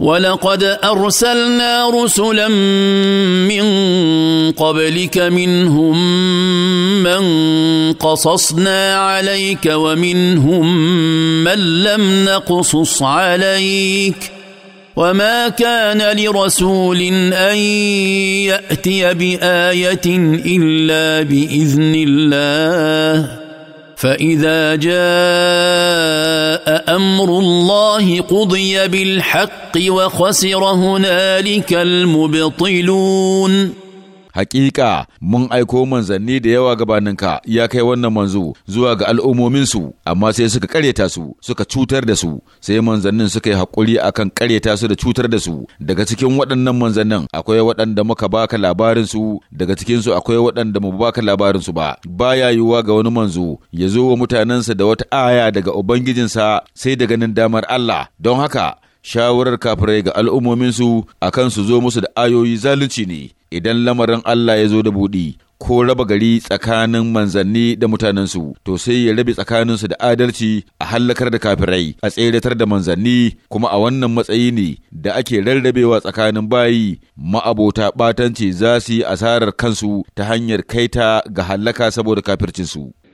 ولقد ارسلنا رسلا من قبلك منهم من قصصنا عليك ومنهم من لم نقصص عليك وما كان لرسول ان ياتي بايه الا باذن الله فاذا جاء امر الله قضي بالحق وخسر هنالك المبطلون Hakika mun aiko manzanni da yawa gabaninka ya kai wannan manzo zuwa ga al'ummominsu, amma sai suka kareta su, suka cutar da su, sai manzannin suka yi hakuri akan kareta su da cutar da su. Daga cikin waɗannan manzannin akwai waɗanda muka baka labarinsu, daga cikinsu akwai waɗanda mu baka labarinsu ba. Baya yiwuwa ga wani manzo ya zo wa mutanensa da wata aya daga Ubangijinsa sai da ganin damar Allah. Don haka, shawarar kafirai ga al'ummominsu a kan su zo musu da ayoyi zalunci ne idan lamarin Allah ya zo da buɗi ko raba gari tsakanin manzanni da mutanensu to sai ya rabe tsakaninsu da adalci a hallakar da kafirai a tseratar da manzanni kuma a wannan matsayi ne da ake rarrabewa tsakanin bayi ma'abota batanci za su yi asarar kansu ta hanyar kaita ga hallaka saboda kafircinsu